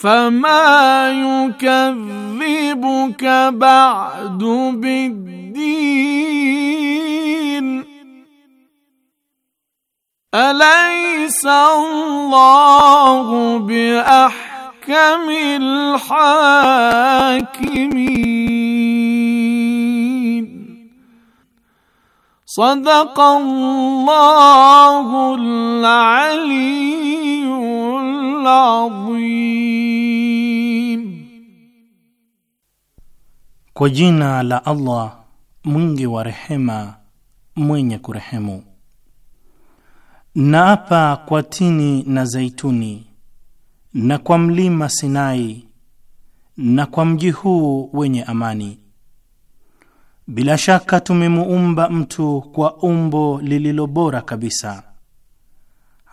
فما يكذبك بعد بالدين اليس الله باحكم الحاكمين صدق الله العليم العظيم Kwa jina la Allah mwingi wa rehema mwenye kurehemu. Naapa kwa tini na zaituni na kwa mlima Sinai na kwa mji huu wenye amani. Bila shaka tumemuumba mtu kwa umbo lililo bora kabisa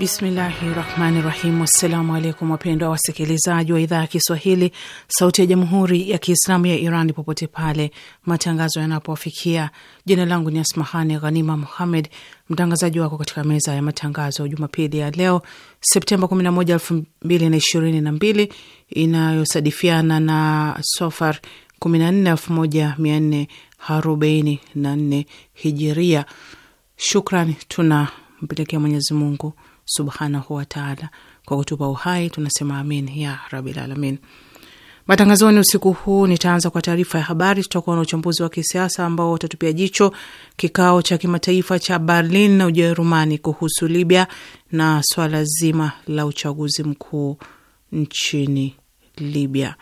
Bismillahi rahmani rahim. Assalamu alaikum wapendwa wasikilizaji wa idhaa ya Kiswahili sauti ya jamhuri ya Kiislamu ya Iran popote pale matangazo yanapowafikia. Jina langu ni Asmahani Ghanima Muhammed, mtangazaji wako katika meza ya matangazo Jumapili ya leo Septemba 11, 2022 inayosadifiana na Sofar 14, 1444 Hijiria. Shukran tuna mpelekea Mwenyezi Mungu subhanahu wataala kwa kutupa uhai. Tunasema amin ya rabil alamin. Matangazoni usiku huu nitaanza kwa taarifa ya habari. Tutakuwa na uchambuzi wa kisiasa ambao utatupia jicho kikao cha kimataifa cha Berlin na Ujerumani kuhusu Libya na swala zima la uchaguzi mkuu nchini Libya.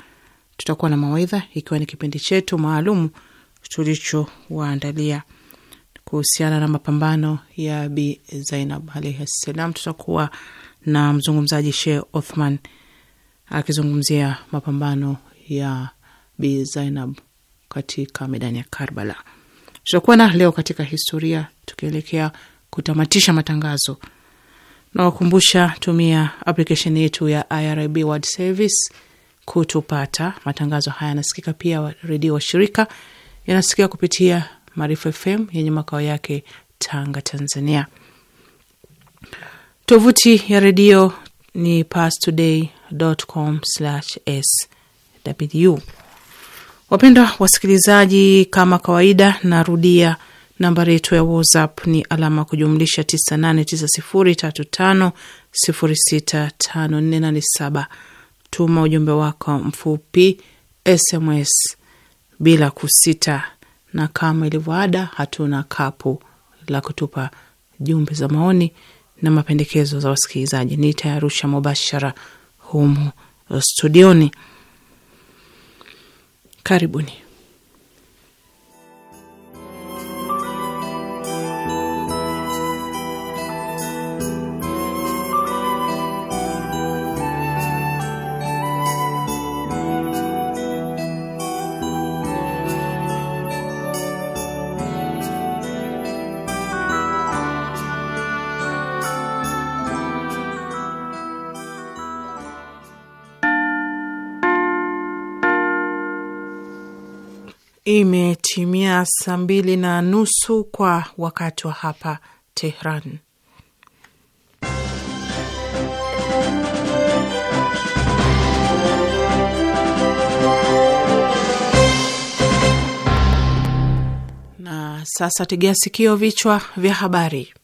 Tutakuwa na mawaidha, ikiwa ni kipindi chetu maalum tulichowaandalia kuhusiana na mapambano ya Bi Zainab alaihi ssalam. Tutakuwa na mzungumzaji she Othman akizungumzia mapambano ya Bi Zainab katika medani ya Karbala. Tutakuwa na leo katika historia, tukielekea kutamatisha matangazo. Nawakumbusha, tumia aplikesheni yetu ya IRIB World Service kutupata. Matangazo haya yanasikika pia, redio wa shirika yanasikika kupitia Maarifa FM yenye makao yake Tanga, Tanzania. Tovuti ya redio ni pastoday.com/sw. Wapendwa wasikilizaji, kama kawaida, narudia nambari yetu ya WhatsApp ni alama kujumlisha 989035065487. Tuma ujumbe wako mfupi SMS bila kusita na kama ilivyoada, hatuna kapu la kutupa jumbe za maoni na mapendekezo za wasikilizaji. Nitayarusha mubashara humu studioni. Karibuni. Imetimia saa mbili na nusu kwa wakati wa hapa Tehran. Na sasa tegea sikio, vichwa vya habari.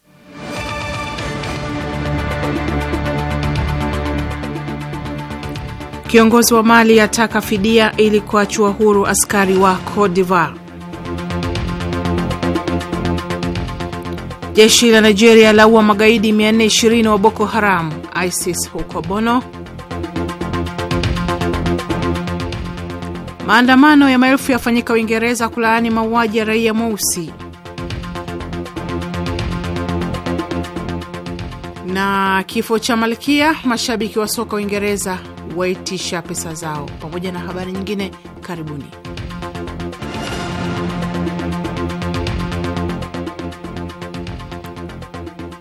Kiongozi wa Mali ataka fidia ili kuachua huru askari wa Cote d'Ivoire. Jeshi la Nigeria laua magaidi 420 wa Boko Haram ISIS huko Bono. Maandamano ya maelfu yafanyika Uingereza kulaani mauaji ya raia mweusi. Na kifo cha Malkia, mashabiki wa soka Uingereza waitisha pesa zao, pamoja na habari nyingine. Karibuni.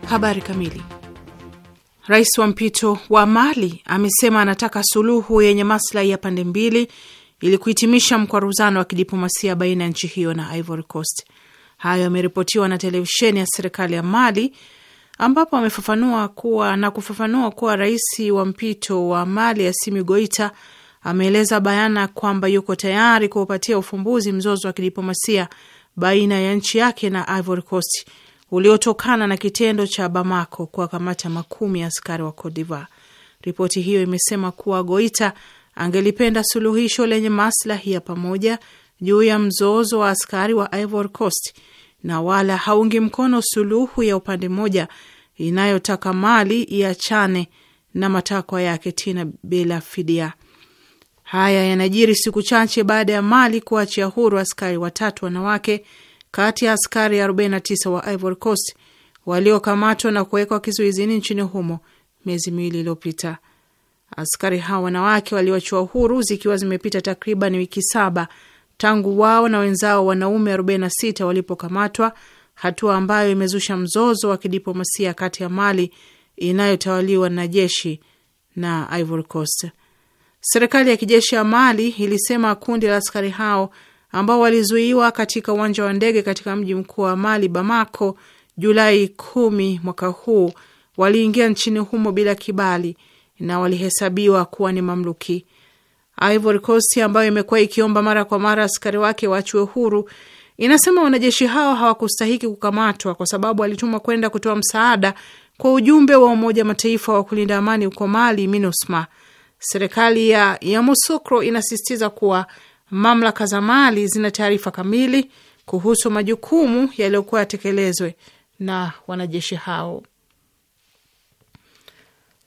Habari kamili. Rais wa mpito wa Mali amesema anataka suluhu yenye maslahi ya pande mbili ili kuhitimisha mkwaruzano wa kidiplomasia baina ya nchi hiyo na Ivory Coast. Hayo yameripotiwa na televisheni ya serikali ya Mali ambapo amefafanua kuwa na kufafanua kuwa rais wa mpito wa Mali Assimi Goita ameeleza bayana kwamba yuko tayari kuupatia ufumbuzi mzozo wa kidiplomasia baina ya nchi yake na Ivory Coast uliotokana na kitendo cha Bamako kuwakamata makumi ya askari wa Cote d'Ivoire. Ripoti hiyo imesema kuwa Goita angelipenda suluhisho lenye maslahi ya pamoja juu ya mzozo wa askari wa Ivory Coast na wala haungi mkono suluhu ya upande mmoja inayotaka mali iachane na matakwa yake tena bila fidia. Haya yanajiri siku chache baada ya Mali kuachia huru askari watatu wanawake kati ya askari 49 wa Ivory Coast waliokamatwa na kuwekwa kizuizini nchini humo miezi miwili iliyopita. Askari hao wanawake waliwachiwa huru zikiwa zimepita takriban wiki saba tangu wao na wenzao wanaume 46 walipokamatwa, hatua ambayo imezusha mzozo wa kidiplomasia kati ya Mali inayotawaliwa na jeshi na Ivory Coast. Serikali ya kijeshi ya Mali ilisema kundi la askari hao ambao walizuiwa katika uwanja wa ndege katika mji mkuu wa Mali, Bamako, Julai kumi mwaka huu, waliingia nchini humo bila kibali na walihesabiwa kuwa ni mamluki. Ivory Coast ambayo imekuwa ikiomba mara kwa mara askari wake waachiwe huru, inasema wanajeshi hao hawakustahiki kukamatwa kwa sababu walitumwa kwenda kutoa msaada kwa ujumbe wa Umoja Mataifa wa kulinda amani huko Mali, MINUSMA. Serikali ya Yamoussoukro inasisitiza kuwa mamlaka za Mali zina taarifa kamili kuhusu majukumu yaliyokuwa yatekelezwe na wanajeshi hao.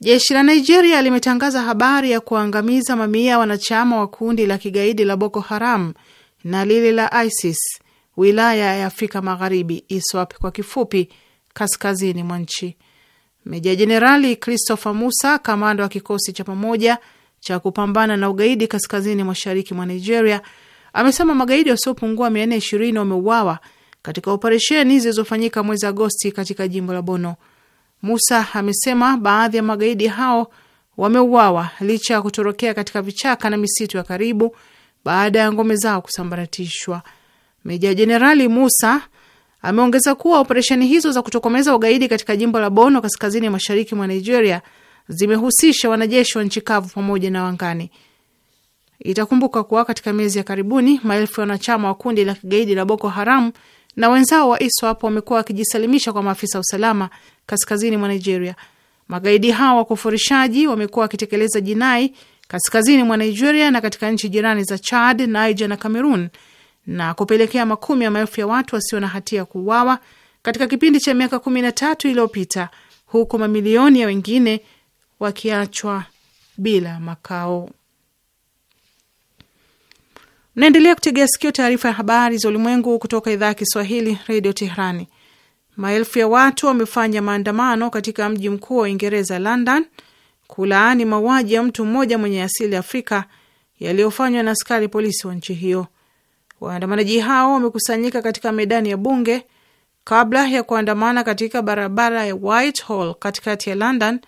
Jeshi la Nigeria limetangaza habari ya kuangamiza mamia wanachama wa kundi la kigaidi la Boko Haram na lile la ISIS wilaya ya Afrika Magharibi, ISWAP kwa kifupi, kaskazini mwa nchi. Meja Jenerali Christopher Musa, kamanda wa kikosi cha pamoja cha kupambana na ugaidi kaskazini mashariki mwa Nigeria, amesema magaidi wasiopungua 420 wameuawa katika operesheni zilizofanyika mwezi Agosti katika jimbo la Bono Musa amesema baadhi ya magaidi hao wameuawa licha ya kutorokea katika vichaka na misitu ya karibu baada ya ngome zao kusambaratishwa. Meja Jenerali Musa ameongeza kuwa operesheni hizo za kutokomeza ugaidi katika jimbo la bono kaskazini mashariki mwa Nigeria zimehusisha wanajeshi wa nchi kavu pamoja na wangani. Itakumbuka kuwa katika miezi ya karibuni maelfu ya wanachama wa kundi la kigaidi la Boko Haram na wenzao wa ISWAP wamekuwa wakijisalimisha kwa maafisa usalama kaskazini mwa Nigeria. Magaidi hao wakufurishaji wamekuwa wakitekeleza jinai kaskazini mwa Nigeria na katika nchi jirani za Chad, Niger na Cameroon na kupelekea makumi ya maelfu ya watu wasio na hatia ya kuuawa katika kipindi cha miaka kumi na tatu iliyopita, huku mamilioni ya wengine wakiachwa bila makao. Mnaendelea kutegea sikio taarifa ya habari za ulimwengu kutoka idhaa ya Kiswahili, Redio Teherani. Maelfu ya watu wamefanya maandamano katika mji mkuu wa Uingereza, London, kulaani mauaji ya mtu mmoja mwenye asili ya Afrika yaliyofanywa na askari polisi wa nchi hiyo. Waandamanaji hao wamekusanyika katika medani ya bunge kabla ya kuandamana katika barabara ya Whitehall katikati ya London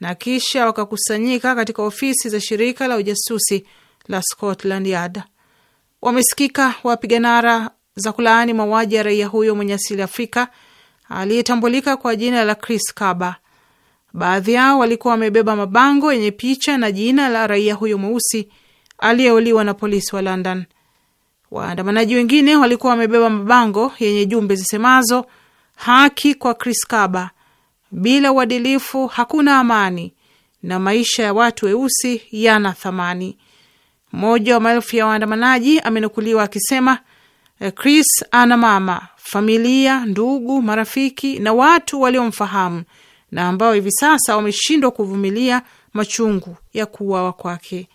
na kisha wakakusanyika katika ofisi za shirika la ujasusi la Scotland Yard. Wamesikika wapiganara za kulaani mauaji ya raia huyo mwenye asili Afrika aliyetambulika kwa jina la Chris Kaba. Baadhi yao walikuwa wamebeba mabango yenye picha na jina la raia huyo mweusi aliyeuliwa na polisi wa London. Waandamanaji wengine walikuwa wamebeba mabango yenye jumbe zisemazo haki kwa Chris Kaba, bila uadilifu hakuna amani, na maisha ya watu weusi yana thamani. Mmoja wa maelfu ya waandamanaji amenukuliwa akisema Chris ana mama familia, ndugu, marafiki na watu waliomfahamu na ambao hivi sasa wameshindwa kuvumilia machungu ya kuuawa kwake.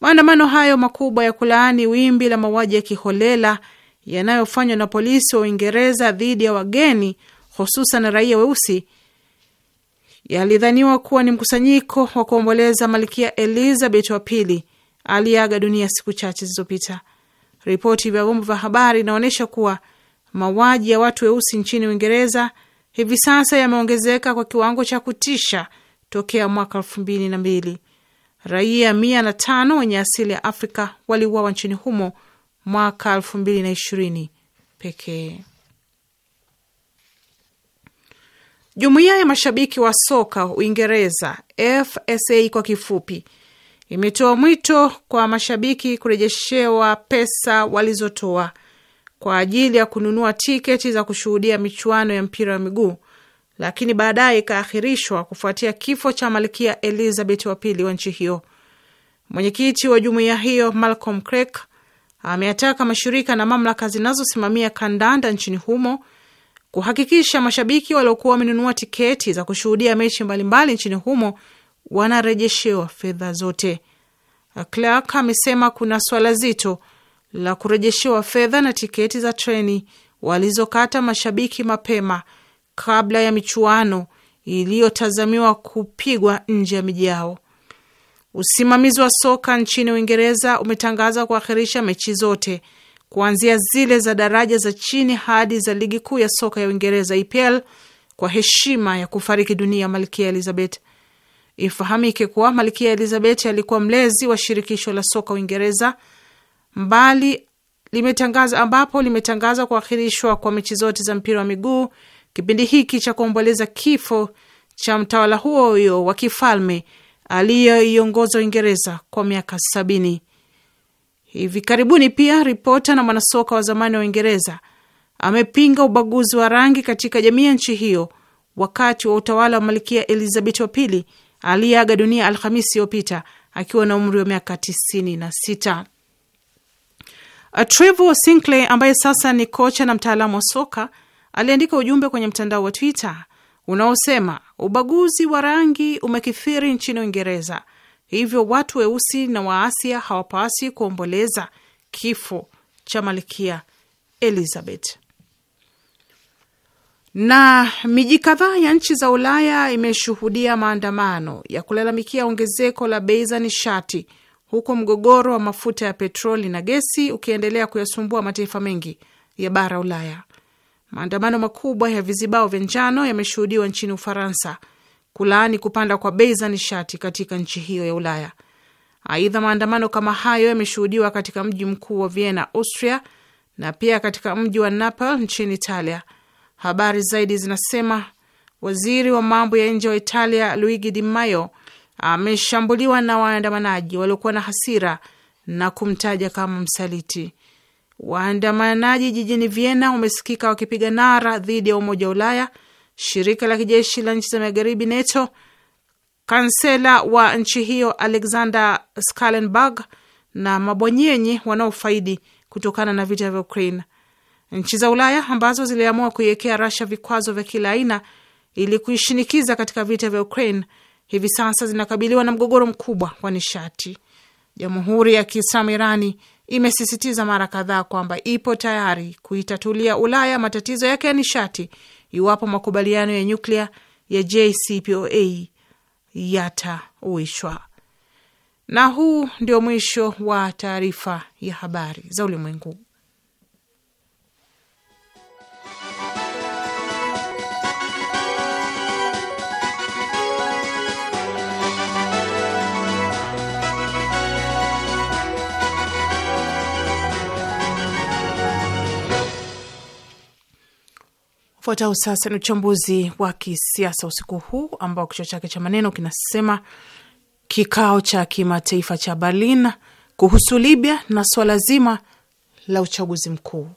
Maandamano hayo makubwa ya kulaani wimbi la mauaji ya kiholela yanayofanywa na polisi wa Uingereza dhidi ya wageni, hususan raia weusi, yalidhaniwa kuwa ni mkusanyiko wa kuomboleza Malkia Elizabeth wa Pili aliyeaga dunia siku chache zilizopita. Ripoti vya vyombo vya habari inaonyesha kuwa Mauaji ya watu weusi nchini Uingereza hivi sasa yameongezeka kwa kiwango cha kutisha tokea mwaka elfu mbili na mbili. Raia mia na tano wenye asili ya Afrika waliuawa nchini humo mwaka elfu mbili na ishirini pekee. Jumuiya ya mashabiki wa soka Uingereza, FSA kwa kifupi, imetoa mwito kwa mashabiki kurejeshewa pesa walizotoa kwa ajili ya kununua tiketi za kushuhudia michuano ya mpira wa miguu, lakini baadaye ikaahirishwa kufuatia kifo cha malkia Elizabeth wa pili wa nchi hiyo. Mwenyekiti wa jumuiya hiyo Malcolm Creek ameyataka mashirika na mamlaka zinazosimamia kandanda nchini humo kuhakikisha mashabiki waliokuwa wamenunua tiketi za kushuhudia mechi mbalimbali nchini humo wanarejeshewa fedha zote. Clark amesema kuna swala zito la kurejeshewa fedha na tiketi za treni walizokata mashabiki mapema kabla ya michuano iliyotazamiwa kupigwa nje ya miji yao. Usimamizi wa soka nchini Uingereza umetangaza kuakhirisha mechi zote kuanzia zile za daraja za chini hadi za ligi kuu ya soka ya Uingereza EPL kwa heshima ya kufariki dunia Malkia Elizabeth. Ifahamike kuwa Malkia Elizabeth alikuwa mlezi wa shirikisho la soka Uingereza mbali limetangaza ambapo limetangaza kuahirishwa kwa mechi zote za mpira wa miguu kipindi hiki cha kuomboleza kifo cha mtawala huo huyo wa kifalme aliyoiongoza Uingereza kwa miaka sabini. Hivi karibuni pia ripota na mwanasoka wa zamani wa Uingereza amepinga ubaguzi wa rangi katika jamii ya nchi hiyo wakati wa utawala wa Malkia Elizabeth wa pili aliyeaga dunia Alhamisi iliyopita akiwa na umri wa miaka 96. Uh, Trevor Sinclair ambaye sasa ni kocha na mtaalamu wa soka aliandika ujumbe kwenye mtandao wa Twitter unaosema ubaguzi wa rangi umekithiri nchini Uingereza, hivyo watu weusi na Waasia hawapasi kuomboleza kifo cha malkia Elizabeth. Na miji kadhaa ya nchi za Ulaya imeshuhudia maandamano ya kulalamikia ongezeko la bei za nishati huku mgogoro wa mafuta ya petroli na gesi ukiendelea kuyasumbua mataifa mengi ya bara Ulaya. Maandamano makubwa ya vizibao vya njano yameshuhudiwa nchini Ufaransa kulaani kupanda kwa bei za nishati katika nchi hiyo ya Ulaya. Aidha, maandamano kama hayo yameshuhudiwa katika mji mkuu wa Vienna, Austria, na pia katika mji wa Naples nchini Italia. Habari zaidi zinasema waziri wa mambo ya nje wa Italia Luigi Di Maio ameshambuliwa na waandamanaji waliokuwa na hasira na kumtaja kama msaliti. Waandamanaji jijini Vienna wamesikika wakipiga nara dhidi ya Umoja wa Ulaya, shirika la kijeshi la nchi za magharibi NATO, kansela wa nchi hiyo Alexander Schallenberg na mabwanyenye wanaofaidi kutokana na vita vya Ukraine. Nchi za Ulaya ambazo ziliamua kuiwekea Russia vikwazo vya kila aina ili kuishinikiza katika vita vya Ukraine hivi sasa zinakabiliwa na mgogoro mkubwa wa nishati. Jamhuri ya Kiislamu Irani imesisitiza mara kadhaa kwamba ipo tayari kuitatulia Ulaya matatizo yake ya nishati iwapo makubaliano ya nyuklia ya JCPOA yatauishwa. Na huu ndio mwisho wa taarifa ya habari za ulimwengu. Ufuatao sasa ni uchambuzi wa kisiasa usiku huu ambao kichwa chake cha maneno kinasema kikao cha kimataifa cha Berlin kuhusu Libya na swala zima la uchaguzi mkuu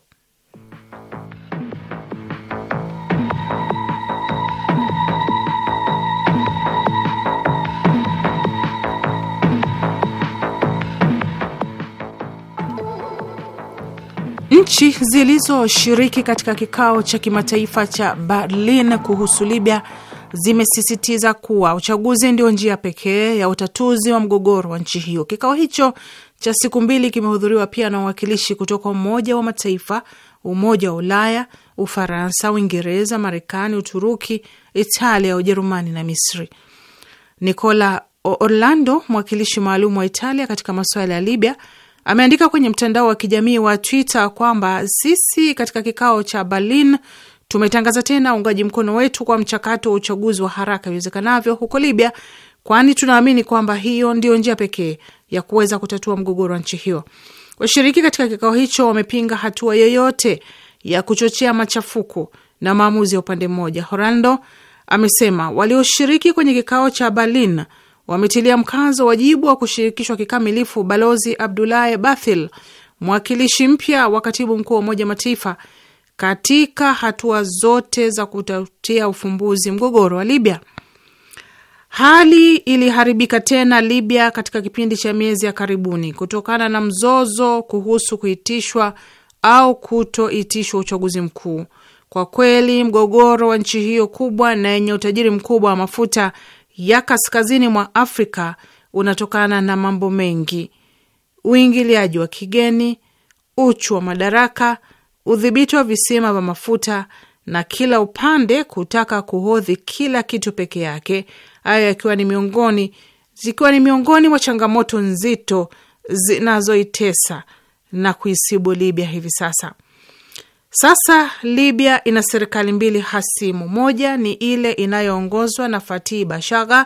Nchi zilizoshiriki katika kikao cha kimataifa cha Berlin kuhusu Libya zimesisitiza kuwa uchaguzi ndio njia pekee ya utatuzi wa mgogoro wa nchi hiyo. Kikao hicho cha siku mbili kimehudhuriwa pia na wawakilishi kutoka Umoja wa Mataifa, Umoja wa Ulaya, Ufaransa, Uingereza, Marekani, Uturuki, Italia, Ujerumani na Misri. Nicola Orlando, mwakilishi maalum wa Italia katika masuala ya Libya, ameandika kwenye mtandao wa kijamii wa Twitter kwamba sisi katika kikao cha Berlin tumetangaza tena uungaji mkono wetu kwa mchakato wa uchaguzi wa haraka iwezekanavyo huko Libya, kwani tunaamini kwamba hiyo ndiyo njia pekee ya kuweza kutatua mgogoro wa nchi hiyo. Washiriki katika kikao hicho wamepinga hatua yoyote ya kuchochea machafuko na maamuzi ya upande mmoja. Horando amesema walioshiriki kwenye kikao cha Berlin wametilia mkazo wajibu wa kushirikishwa kikamilifu Balozi Abdulahi Bathil, mwakilishi mpya wa katibu mkuu wa Umoja Mataifa, katika hatua zote za kutafutia ufumbuzi mgogoro wa Libya. Hali iliharibika tena Libya katika kipindi cha miezi ya karibuni kutokana na mzozo kuhusu kuitishwa au kutoitishwa uchaguzi mkuu. Kwa kweli mgogoro wa nchi hiyo kubwa na yenye utajiri mkubwa wa mafuta ya kaskazini mwa Afrika unatokana na mambo mengi: uingiliaji wa kigeni, uchu wa madaraka, udhibiti wa visima vya mafuta na kila upande kutaka kuhodhi kila kitu peke yake. Hayo yakiwa ni miongoni zikiwa ni miongoni mwa changamoto nzito zinazoitesa na kuisibu Libya hivi sasa. Sasa Libya ina serikali mbili hasimu. Moja ni ile inayoongozwa na Fatihi Bashagha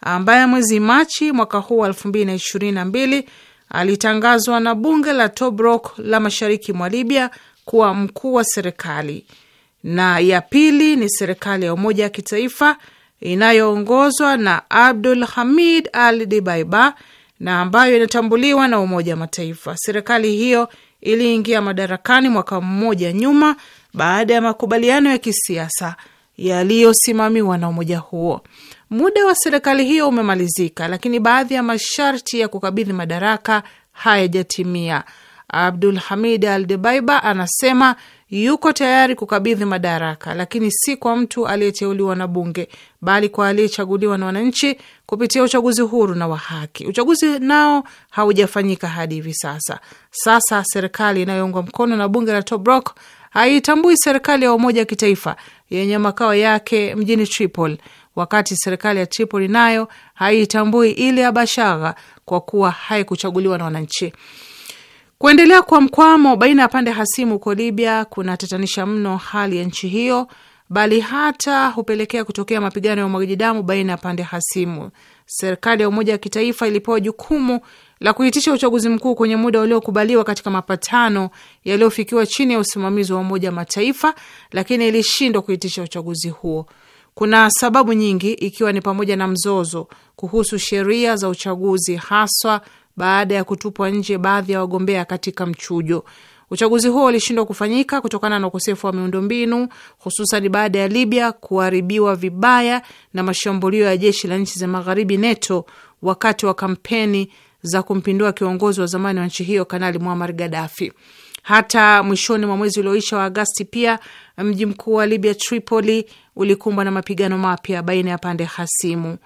ambaye mwezi Machi mwaka huu wa mbili alitangazwa na bunge la Tobruk la mashariki mwa Libya kuwa mkuu wa serikali, na ya pili ni serikali ya umoja wa kitaifa inayoongozwa na Abdul Hamid al Dibaiba na ambayo inatambuliwa na Umoja wa Mataifa. Serikali hiyo iliingia madarakani mwaka mmoja nyuma baada ya makubaliano ya kisiasa yaliyosimamiwa na umoja huo. Muda wa serikali hiyo umemalizika, lakini baadhi ya masharti ya kukabidhi madaraka hayajatimia. Abdul Hamid Aldebaiba anasema yuko tayari kukabidhi madaraka, lakini si kwa mtu aliyeteuliwa na bunge, bali kwa aliyechaguliwa na wananchi kupitia uchaguzi huru na wa haki. Uchaguzi nao haujafanyika hadi hivi sasa. Sasa serikali inayoungwa mkono na bunge la Tobruk haitambui serikali ya umoja wa kitaifa yenye makao yake mjini Tripoli, wakati serikali ya Tripoli nayo haitambui ile ya Bashagha kwa kuwa haikuchaguliwa na wananchi. Kuendelea kwa mkwamo baina ya pande hasimu huko Libya kunatatanisha mno hali ya nchi hiyo, bali hata hupelekea kutokea mapigano ya umwagaji damu baina ya pande hasimu. Serikali ya umoja wa kitaifa ilipewa jukumu la kuitisha uchaguzi mkuu kwenye muda uliokubaliwa katika mapatano yaliyofikiwa chini ya usimamizi wa Umoja Mataifa, lakini ilishindwa kuitisha uchaguzi huo. Kuna sababu nyingi, ikiwa ni pamoja na mzozo kuhusu sheria za uchaguzi, haswa baada ya kutupwa nje baadhi ya wagombea katika mchujo. Uchaguzi huo ulishindwa kufanyika kutokana na ukosefu wa miundombinu, hususan baada ya Libya kuharibiwa vibaya na mashambulio ya jeshi la nchi za magharibi NATO wakati wa kampeni za kumpindua kiongozi wa zamani wa nchi hiyo Kanali Muammar Gaddafi. Hata mwishoni mwa mwezi ulioisha wa Agasti, pia mji mkuu wa Libya Tripoli ulikumbwa na mapigano mapya baina ya pande hasimu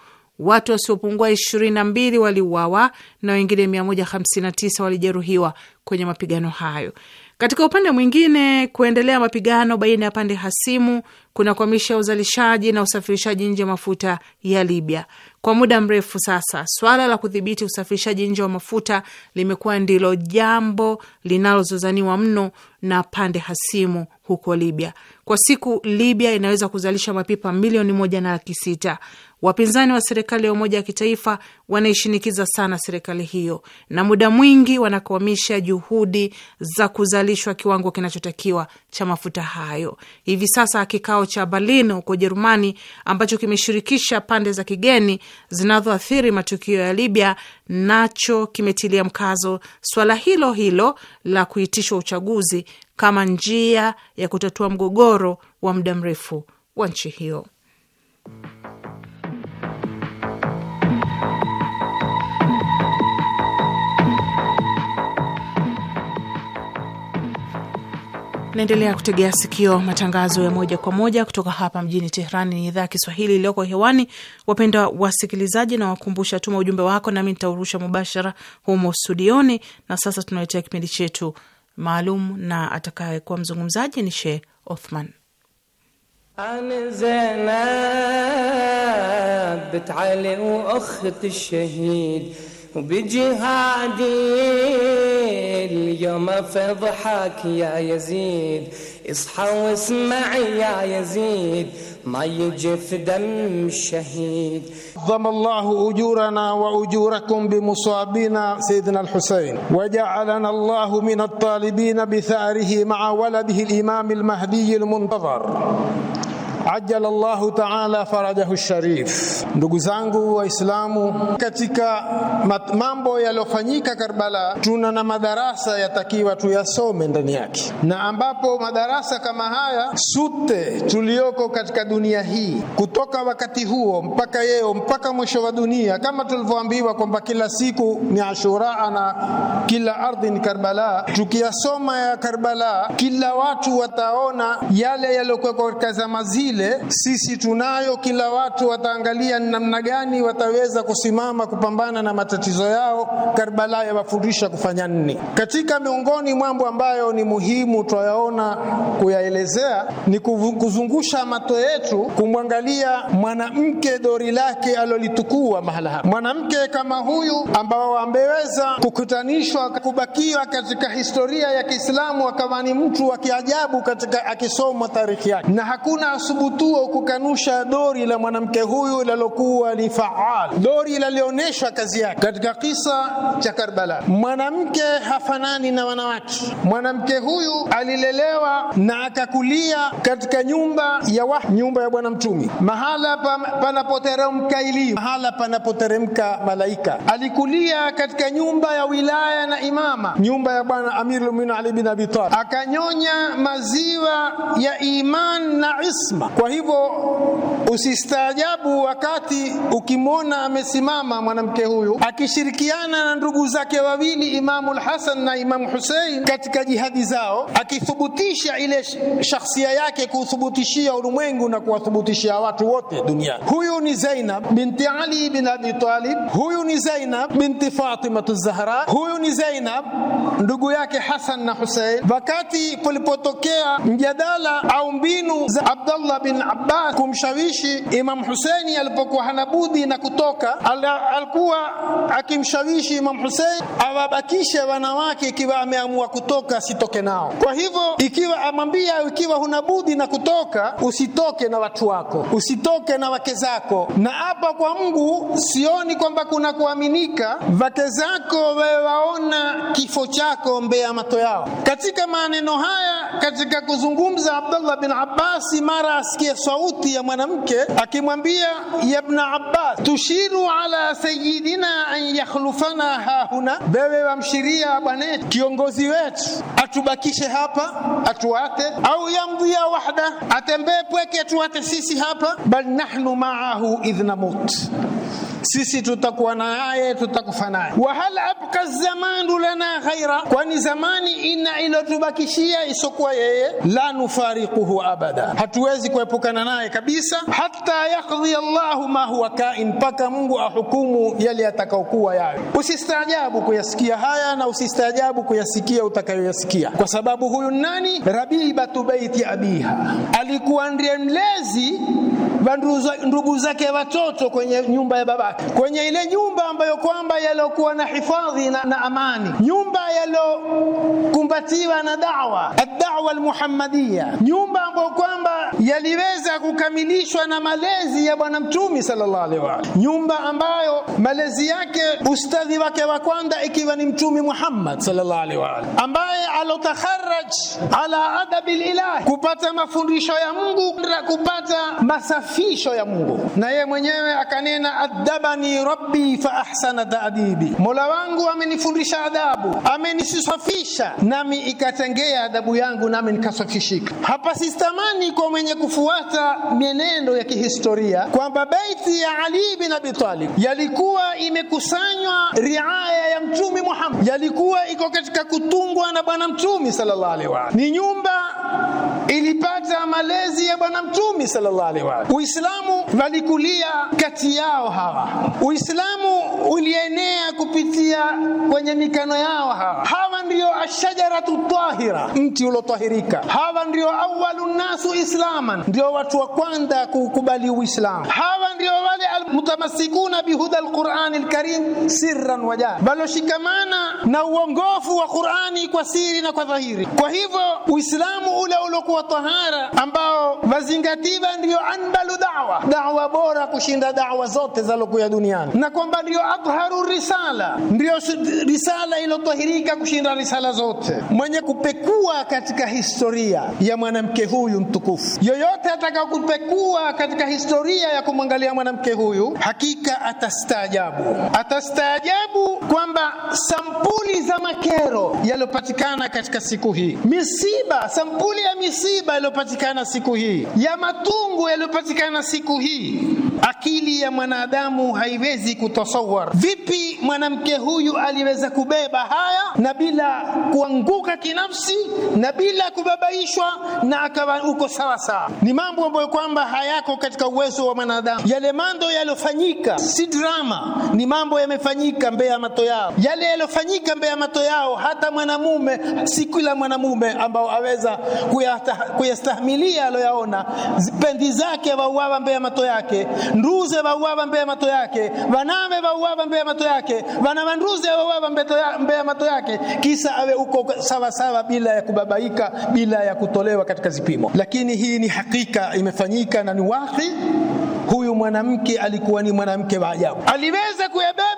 watu wasiopungua 22 waliuawa na wengine 159 walijeruhiwa kwenye mapigano hayo. Katika upande mwingine, kuendelea mapigano baina ya pande hasimu kunakwamisha uzalishaji na usafirishaji nje mafuta ya Libya. Kwa muda mrefu sasa, swala la kudhibiti usafirishaji nje wa mafuta limekuwa ndilo jambo linalozozaniwa mno na pande hasimu huko Libya. Kwa siku Libya inaweza kuzalisha mapipa milioni moja na laki sita. Wapinzani wa serikali ya umoja wa kitaifa wanaishinikiza sana serikali hiyo, na muda mwingi wanakwamisha juhudi za kuzalishwa kiwango kinachotakiwa cha mafuta hayo. Hivi sasa kikao cha Berlin huko Ujerumani ambacho kimeshirikisha pande za kigeni zinazoathiri matukio ya Libya nacho kimetilia mkazo swala hilo hilo la kuitishwa uchaguzi kama njia ya kutatua mgogoro wa muda mrefu wa nchi hiyo. Naendelea kutegea sikio matangazo ya moja kwa moja kutoka hapa mjini Tehrani. Ni idhaa ya Kiswahili iliyoko hewani, wapenda wasikilizaji, na wakumbusha, tuma ujumbe wako nami nitaurusha mubashara humo studioni. Na sasa tunaletea kipindi chetu maalum, na atakayekuwa mzungumzaji ni Sheikh Othman وبجهادي اليوم فضحك يا يزيد اصحى واسمع يا يزيد ما يجف دم الشهيد ضم الله أجورنا وأجوركم بمصابينا سيدنا الحسين وجعلنا الله من الطالبين بثأره مع ولده الإمام المهدي المنتظر ajala llahu taala farajahu sharif. Ndugu zangu Waislamu, katika mambo yaliyofanyika Karbala tuna na madarasa yatakiwa tuyasome ndani yake, na ambapo madarasa kama haya sute tuliyoko katika dunia hii kutoka wakati huo mpaka yeo mpaka mwisho wa dunia, kama tulivyoambiwa kwamba kila siku ni Ashura na kila ardhi ni Karbala. Tukiyasoma ya Karbala, kila watu wataona yale yaliyokuwa katika zama zile vile sisi tunayo, kila watu wataangalia ni namna gani wataweza kusimama kupambana na matatizo yao. Karbala yawafundisha kufanya nini. Katika miongoni mambo ambayo ni muhimu twayaona kuyaelezea ni kuzungusha mato yetu kumwangalia mwanamke, dori lake alolitukua mahala hapa, mwanamke kama huyu ambao ameweza kukutanishwa kubakiwa katika historia ya Kiislamu akawa ni mtu wa kiajabu katika akisomwa tarehe yake na hakuna asubu kuthubutuo kukanusha dori la mwanamke huyu lalokuwa ni faal, dori lalionyesha kazi yake katika kisa cha Karbala. Mwanamke hafanani na wanawake. Mwanamke huyu alilelewa na akakulia katika nyumba ya wa, nyumba ya Bwana Mtumi, mahala panapoteremka elimu mahala panapoteremka malaika. Alikulia katika nyumba ya wilaya na imama, nyumba ya Bwana Amirul Mu'minin Ali bin Abi Talib, akanyonya maziwa ya iman na isma kwa hivyo usistaajabu wakati ukimwona amesimama mwanamke huyu akishirikiana na ndugu zake wawili Imamu Hasan na Imamu Husein katika jihadi zao, akithubutisha ile shakhsia yake kuuthubutishia ulimwengu na kuwathubutishia watu wote duniani. Huyu ni Zainab binti Ali bin Abi Talib, huyu ni Zainab binti Fatima Zahra, huyu ni Zainab ndugu yake Hasan na Husein. Wakati kulipotokea mjadala au mbinu za Abdullah bin Abbas kumshawishi Imam Husaini alipokuwa hana budi na kutoka, alikuwa akimshawishi Imam Husaini awabakishe wanawake ikiwa ameamua kutoka asitoke nao. Kwa hivyo, ikiwa amwambia, ikiwa huna budi na kutoka, usitoke na watu wako, usitoke na wake zako. Na hapa kwa Mungu sioni kwamba kuna kuaminika, wake zako waona kifo chako mbele ya mato yao. Katika maneno haya, katika kuzungumza Abdullah bin Abbas mara asikie sauti ya mwanamke akimwambia, yabna Abbas, tushiru ala sayidina an yakhlufana hahuna, wewe wamshiria bwanetu kiongozi wetu atubakishe hapa atuate, au yamdhiya wahda, atembee pweke atuate sisi hapa, bal nahnu maahu idh namut sisi tutakuwa naye tutakufa naye. wa hal abqa zamanu lana ghaira, kwani zamani ina ilotubakishia isokuwa yeye. la nufariquhu abada, hatuwezi kuepukana naye kabisa. hatta yaqdi Allahu ma huwa kain, mpaka Mungu ahukumu yale yatakaokuwa yayo. Usistaajabu kuyasikia haya na usistaajabu kuyasikia utakayoyasikia, kwa sababu huyu nani? Rabibatu baiti abiha alikuwa ndiye mlezi ndugu zake watoto kwenye nyumba ya baba kwenye ile nyumba ambayo kwamba yaliokuwa na hifadhi na, na amani, nyumba yaliokumbatiwa na dawa ad-da'wa nyumba ambayo kwamba yaliweza kukamilishwa na malezi ya Bwana mtumi sallallahu alaihi wa nyumba ambayo malezi yake ustadhi wake wa kwanza ikiwa ni mtumi Muhammad sallallahu alaihi wa ambaye alotakharaj ala adabil ilahi, kupata mafundisho ya Mungu, kupata masafi maficho ya Mungu. Na ye mwenyewe akanena, adabani rabbi fa ahsana taadibi, mola wangu amenifundisha adabu, amenisafisha nami ikatengea adabu yangu nami nikasafishika. Hapa sistamani kwa mwenye kufuata mienendo ya kihistoria kwamba beiti ya Ali bin Abi Talib yalikuwa imekusanywa riaya ya Mtume Muhammad, yalikuwa iko katika kutungwa na Bwana Mtume sallallahu alaihi wasallam, ni nyumba ilipata malezi ya Bwana Mtume sallallahu alaihi wasallam Uislamu walikulia kati yao hawa. Uislamu ulienea kupitia kwenye mikano yao hawa. Hawa ndio ashajaratu tahira, mti ulotahirika. Hawa ndio awalu nasu islaman, ndio watu wa kwanza kukubali Uislamu. Hawa ndio wale almutamasikuna bihuda alqurani alkarim sirran waja, waloshikamana na uongofu wa Qurani kwa siri na kwa dhahiri. Kwa hivyo Uislamu ule uliokuwa tahara ambao wazingatiwa ndio anbal ahsanu da'wa, da'wa bora kushinda da'wa zote za lokuya duniani, na kwamba ndio adharu risala, ndio risala ilotahirika kushinda risala zote. Mwenye kupekua katika historia ya mwanamke huyu mtukufu, yoyote kupekua katika historia ya kumwangalia mwanamke huyu, hakika atastaajabu, atastaajabu kwamba sampuli za makero yaliyopatikana katika siku hii, misiba, sampuli ya misiba yaliyopatikana siku hii, ya matungu yaliyopatikana Inapopatikana siku hii, akili ya mwanadamu haiwezi kutasawar vipi mwanamke huyu aliweza kubeba haya na bila kuanguka kinafsi na bila kubabaishwa na akawa uko sawa sawa. Ni mambo ambayo kwamba hayako katika uwezo wa mwanadamu. Yale mando yaliyofanyika si drama, ni mambo yamefanyika mbele ya mato yao. Yale yalofanyika mbele ya mato yao, hata mwanamume si kila mwanamume ambao aweza kuyastahimilia aloyaona. Pendi zake wa vauawa mbele ya mato yake nduze vauawa mbele ya mato yake wanawe vauawa mbele ya mato yake wana wanduze vauawa mbele ya mato yake kisa awe uko sawasawa sawa, bila ya kubabaika bila ya kutolewa katika zipimo lakini hii ni hakika imefanyika na ni wahi huyu mwanamke alikuwa ni mwanamke wa ajabu aliweza kuyabeba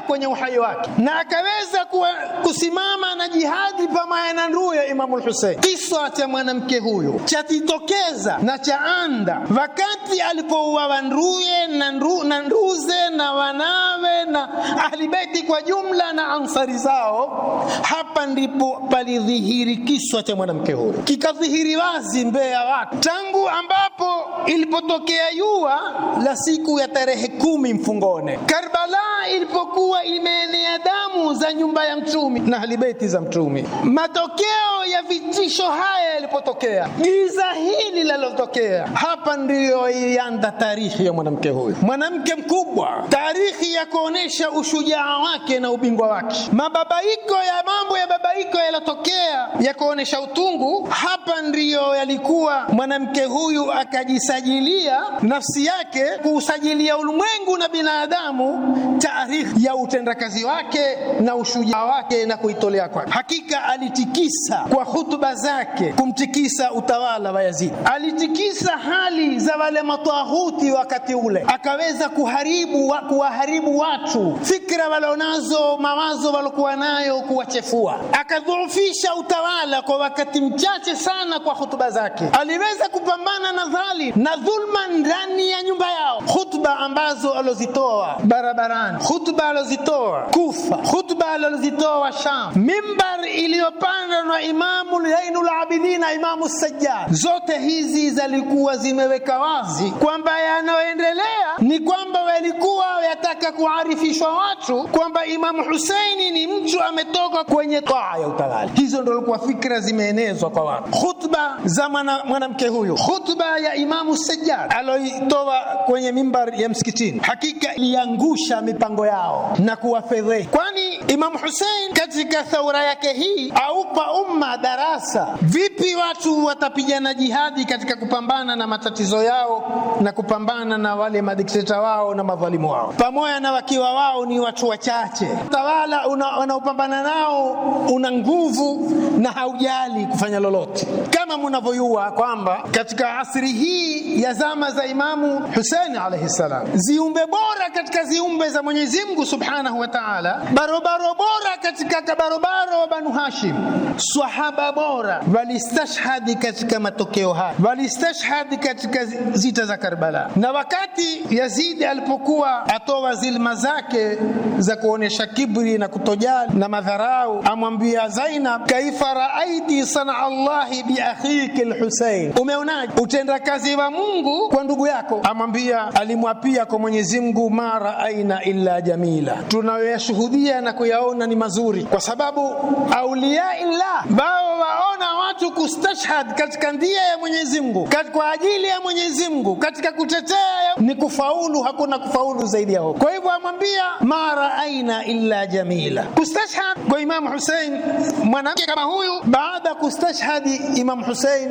kwenye uhai wake na akaweza kuwa, kusimama na jihadi pamoja na ndugu ya Imamu Hussein. Kisa cha mwanamke huyo chatitokeza na chaanda wakati alipouawa nduye na ndu, na nduze na wanawe na ahlibeiti kwa jumla na ansari zao hapa hapa ndipo palidhihiri kiswa cha mwanamke huyu, kikadhihiri wazi mbele ya watu, tangu ambapo ilipotokea jua la siku ya tarehe kumi mfungone Karbala, ilipokuwa imeenea damu za nyumba ya mtumi na halibeti za mtumi. Matokeo ya vitisho haya yalipotokea, giza hili lalotokea hapa, ndiyo ilianza tarehe ya mwanamke huyu, mwanamke mkubwa, tarehe ya kuonesha ushujaa wake na ubingwa wake, mababaiko ya mambo babaiko yalotokea ya kuonesha utungu hapa ndiyo yalikuwa mwanamke huyu akajisajilia nafsi yake kuusajilia ulimwengu na binadamu taarikhi ya utendakazi wake na ushujaa wake na kuitolea kwake. Hakika alitikisa kwa hutuba zake, kumtikisa utawala wa Yazidi, alitikisa hali za wale matahuti wakati ule, akaweza kuharibu kuwaharibu watu fikra walionazo, mawazo waliokuwa nayo, kuwachefua kubwa, akadhoofisha utawala kwa wakati mchache sana kwa hutuba zake. Aliweza kupambana na dhalim na dhulma ndani ya nyumba yao. Hutuba ambazo alozitoa barabarani, hutuba alozitoa Kufa, hutuba alozitoa Sham, mimbar iliyopandwa na Imamu Zainul Abidin na Imamu Sajjad, zote hizi zilikuwa zimeweka wazi kwamba yanayoendelea ni kwamba walikuwa yataka kuarifishwa watu kwamba Imamu Husaini ni mtu ametoka kwenye kwenye taa ya utawala. Hizo ndo kwa fikra zimeenezwa kwa watu. Khutba za mwanamke huyu, khutba ya Imamu Sajjad aloitoa kwenye mimbar ya msikitini, hakika iliangusha mipango yao na kuwafedhehi, kwani Imamu Hussein katika thaura yake hii aupa umma darasa, vipi watu watapigana jihadi katika kupambana na matatizo yao na kupambana na wale madikteta wao na madhalimu wao, pamoja na wakiwa wao ni watu wachache. Utawala unaopambana nao una nguvu na haujali kufanya lolote, kama mnavyojua kwamba katika asri hii ya zama za Imamu Hussein alayhi salam, ziumbe bora katika ziumbe za Mwenyezi Mungu subhanahu wa ta'ala, barobaro bora katika kabarobaro wa Banu Hashim, sahaba bora walistashhadi katika matokeo haya, walistashhadi katika zita za Karbala. Na wakati Yazidi alipokuwa atoa zilma zake za kuonesha kibri na kutojali na madharau akamwambia Zainab, kaifa raaiti sana Allahi biakhiki lhusein, umeonaje utendakazi wa Mungu kwa ndugu yako? Amwambia, alimwapia kwa Mwenyezi Mungu, ma raaina illa jamila, tunayoyashuhudia na kuyaona ni mazuri, kwa sababu auliaillah bao waona watu kustashhad katika ndia ya Mwenyezi Mungu, kwa ajili ya Mwenyezi Mungu, katika kutetea ni kufaulu, hakuna kufaulu zaidi ya huko. Kwa hivyo amwambia ma raaina illa jamila, kustashhad kwa Imam Hussein, mwanamke kama huyu, baada kustashhadi Imam Hussein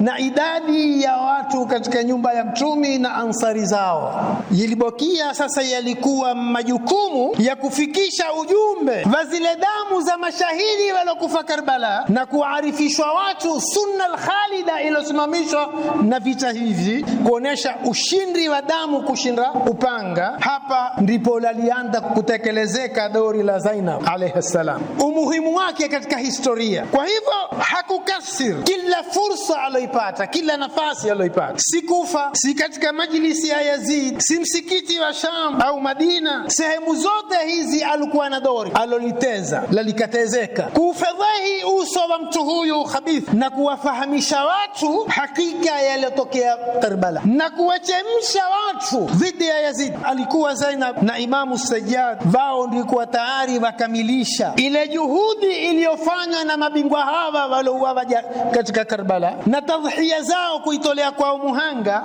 na idadi ya watu katika nyumba ya Mtumi na ansari zao, yilibokia sasa yalikuwa majukumu ya kufikisha ujumbe wa zile damu za mashahidi waliokufa Karbala na kuarifishwa watu sunna al-Khalida iliyosimamishwa na vita hivi, kuonesha ushindi wa damu kushinda upanga. Hapa ndipo lalianza kutekelezeka dori la Zainab alayhi salam. Umuhi umuhimu wake katika historia. Kwa hivyo hakukasir, kila fursa aloipata, kila nafasi aloipata, si Kufa, si katika majlisi ya Yazid, si msikiti wa Sham au Madina, sehemu zote hizi alikuwa na dori aloliteza, lalikatezeka kuufedhehi uso wa mtu huyu khabith na kuwafahamisha watu hakika yaliyotokea Karbala na kuwachemsha watu dhidi ya Yazid. Alikuwa Zainab na Imamu Sajjad, wao kuwa tayari wakamilisha ile juhudi juhudi iliyofanywa na mabingwa hawa waliouawa katika Karbala na tadhhiya zao kuitolea kwao muhanga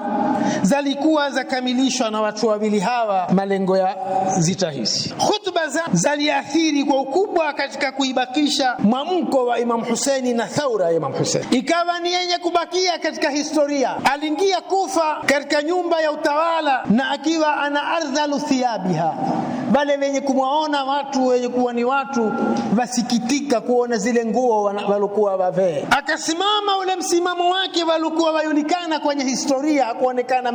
zalikuwa zakamilishwa na watu wawili hawa. Malengo ya zita hizi, hutuba za zaliathiri kwa ukubwa katika kuibakisha mwamko wa Imam Hussein na thaura ya Imam Hussein ikawa ni yenye kubakia katika historia. Aliingia Kufa katika nyumba ya utawala na akiwa ana ardhalu thiabiha, wale wenye kumwaona watu wenye kuwa ni watu wasi akasikitika kuona zile nguo walokuwa wavee, akasimama ule msimamo wake walikuwa wayonekana kwenye historia, hakuonekana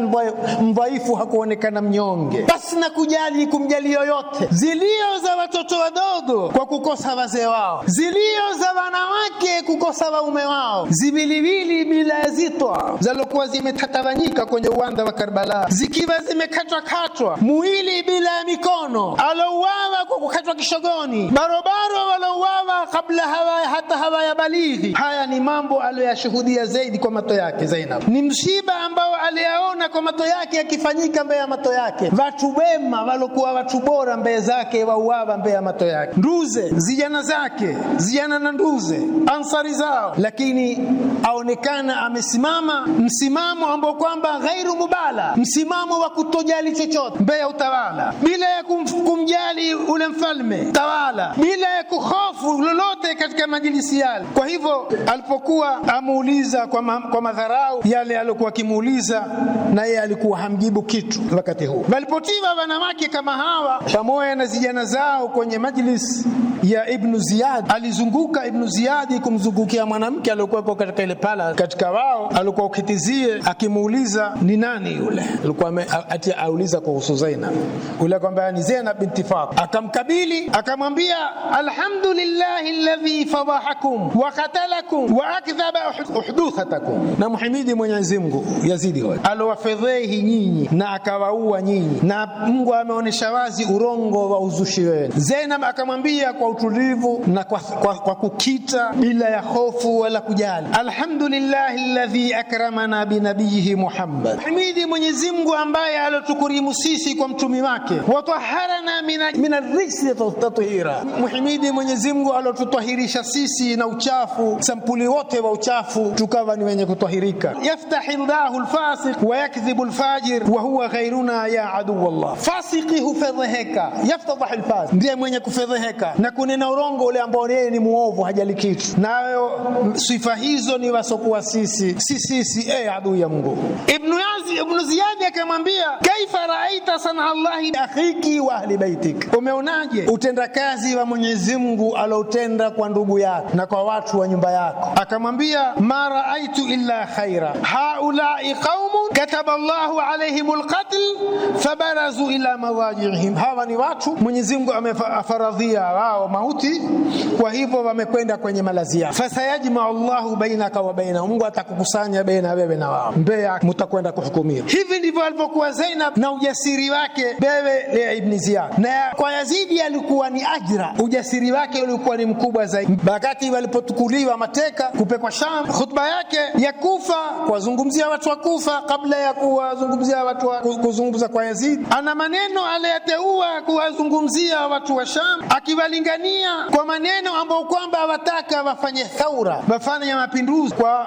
mdhaifu, hakuonekana mnyonge, basi na kujali kumjali yoyote. Zilio za watoto wadogo kwa kukosa wazee wao, zilio za wanawake kukosa waume wao, ziwiliwili bila zitwa zalokuwa zimetatawanyika kwenye uwanda wa Karbala, zikiwa zimekatwakatwa, mwili bila ya mikono, alouawa kwa kukatwa kishogoni, barobaro walo waliouawa kabla hawa, hata hawayabalighi. Haya ni mambo aliyoyashuhudia zaidi kwa mato yake Zainab, ni msiba ambao aliyaona kwa mato yake yakifanyika mbele ya mato yake, watu wema walokuwa watu bora mbele zake wauawa mbele ya mato yake, nduze zijana zake zijana na nduze ansari zao, lakini aonekana amesimama msimamo ambao kwamba ghairu mubala, msimamo wa kutojali chochote mbele ya utawala, bila ya kumjali ule mfalme tawala, bila ya kuho hofu lolote katika majilisi yale. Kwa hivyo alipokuwa amuuliza kwa, ma, kwa madharau yale aliokuwa akimuuliza, na yeye alikuwa hamjibu kitu wakati huo. Walipotiwa wanawake kama hawa pamoja na zijana zao kwenye majlisi ya Ibnu Ziyad, alizunguka Ibnu Ziyadi kumzungukia mwanamke aliokuwako katika ile pala, katika wao alikuwa ukitizie akimuuliza ni nani yule, alikuwa auliza kuhusu Zainab yule akamwambia ni Zainab binti Fatima, akamkabili akamwambia alhamdu alhamdulillahi alladhi fadahakum wa qatalakum wa akdhaba uhduthakum, na muhimidi Mwenyezi Mungu Yazidi alowafedhehi nyinyi na akawaua nyinyi, na Mungu ameonyesha wazi urongo wa uzushi wenu. Zainab akamwambia kwa utulivu na kwa, kwa, kwa kukita bila ya hofu wala kujali, alhamdulillahi alladhi akramana binabiyihi Muhammad, muhimidi Mwenyezi Mungu ambaye alotukurimu sisi kwa mtumi wake, wataharana min min arrijsi tathira, muhimidi Mwenyezi Mwenyezi Mungu alotutahirisha sisi na uchafu, sampuli wote wa uchafu, tukawa ni wenye kutahirika Yaftahi llahu lfasiq wa yakdhibu lfajir wa huwa ghairuna ya aduwa Fasiqi hufedheheka, yaftadahi lfasiq, ndiye mwenye kufedheheka na kunena urongo ule ambao yeye ni muovu, hajali kitu. Nayo sifa hizo ni wasokuwa sisi si sisi, e adui ya Mungu. Ibnu Ziyadi akamwambia, kaifa raaita sana llahi akhiki wa ahli baitik, umeonaje utendakazi wa Mwenyezi Mungu alotenda kwa ndugu yako na kwa watu wa nyumba yako. Akamwambia, ma raaitu illa khaira haulai qaumun kataba llahu alaihim lqatl fabarazu ila mawajiihim, hawa ni watu Mwenyezi Mungu amefaradhia wao mauti, kwa hivyo wamekwenda kwenye malazi yao. Fasayajmau llahu bainaka wa baina, Mungu atakukusanya baina wewe na wao, mbea mutakwenda kuhukumiwa. Hivi ndivyo alivyokuwa Zainab na ujasiri wake bewe ya ibni Ziyad, na kwa Yazidi alikuwa ni ajra ujasiri wake ulikuwa ni mkubwa zaidi. Wakati walipotukuliwa mateka kupekwa Sham, hutuba yake ya Kufa kuwazungumzia watu wa Kufa kabla ya kuwazungumzia watu wa kuzungumza kwa Yazid, ana maneno aliyateua kuwazungumzia watu wa Sham, akiwalingania kwa maneno ambayo kwamba wataka wafanye thaura, wafanye mapinduzi kwa